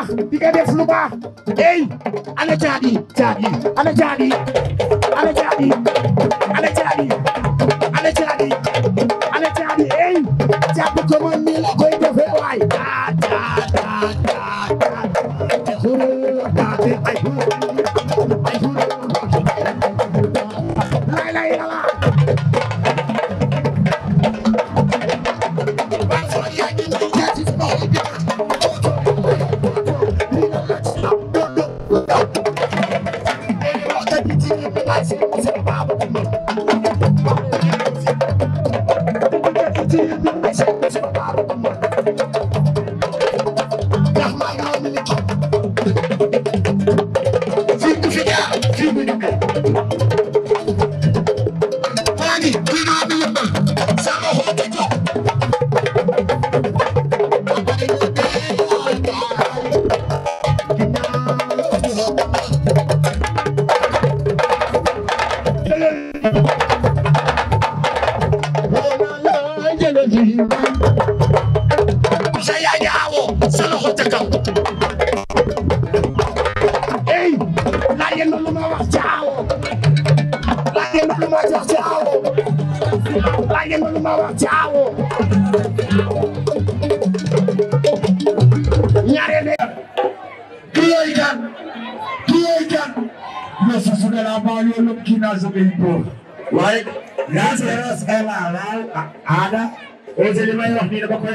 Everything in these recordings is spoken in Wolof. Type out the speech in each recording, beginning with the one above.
baax di nga def lu baax ey ana caabi caabi ana caabi ana caabi ana caabi ana caabi ana caabi ey caabi ko ma mil ko a Thank you. laaj ma lu ma wax ci awo ñaareel Tuyoy kan tuyoy kan mais ce sont la banlieue qui n'a jamais eu peur waaye la séance est là la ada li may wax nii dama koy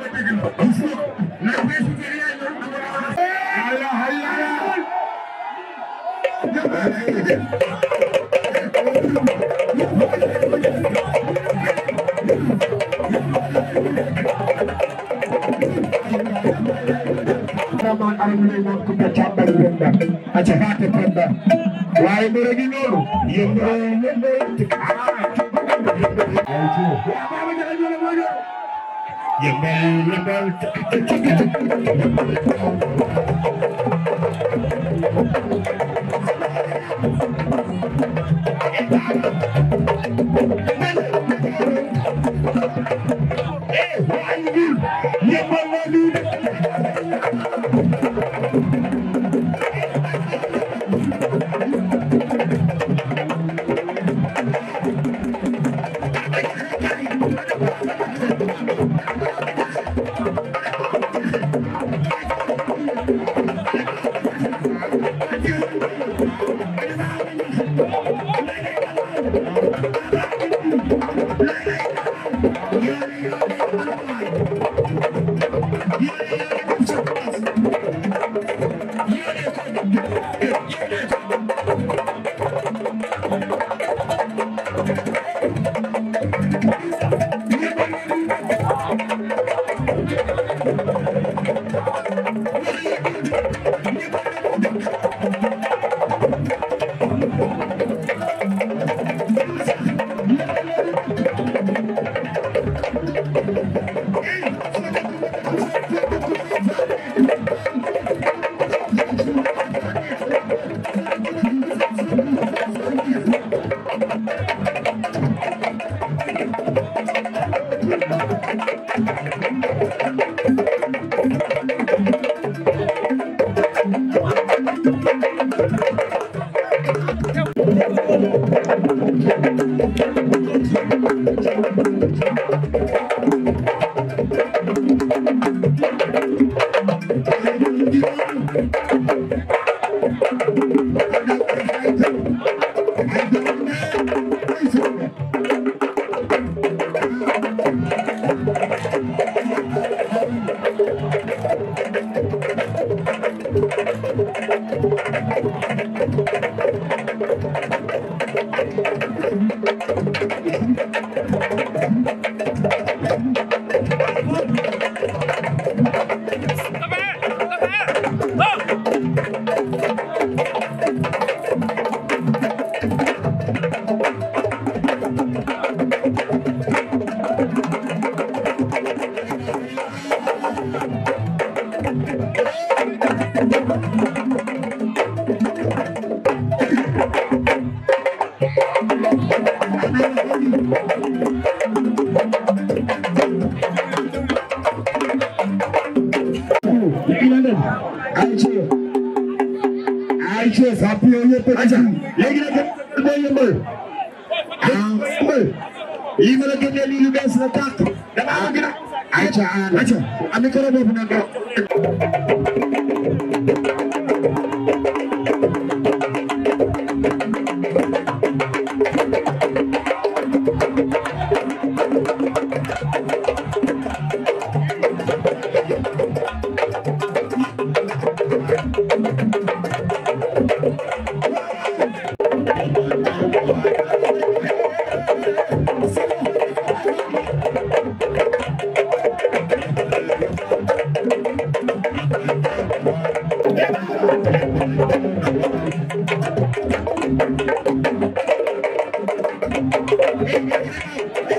man armini wonkuɓe caɓɓal wonɗa acca hate ponɗa wawi mbirogi noon yimɓe yimɓe You better, you better, léegi nag yëpp yëpp yëpp lii ma la génnee lii lu bees la tàq dama am nag. ayca ayca am micro boobu noonu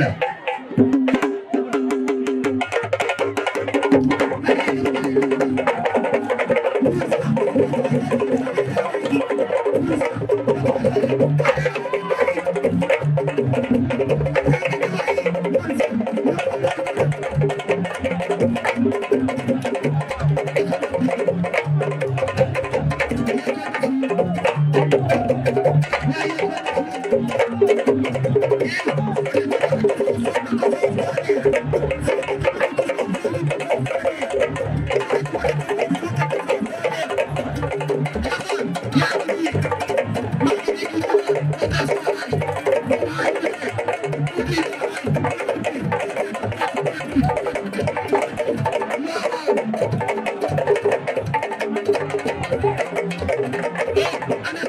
Adam. ana